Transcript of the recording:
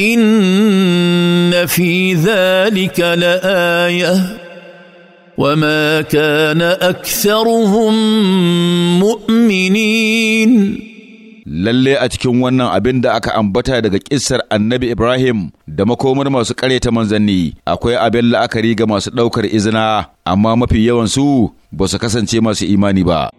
ان في ذلك لايه وما كان اكثرهم مؤمنين lalle a cikin wannan abin da aka ambata daga kissar annabi Ibrahim da makomar masu ta manzanni akwai abin la'akari ga masu ɗaukar izina amma mafi yawansu ba su kasance masu imani ba.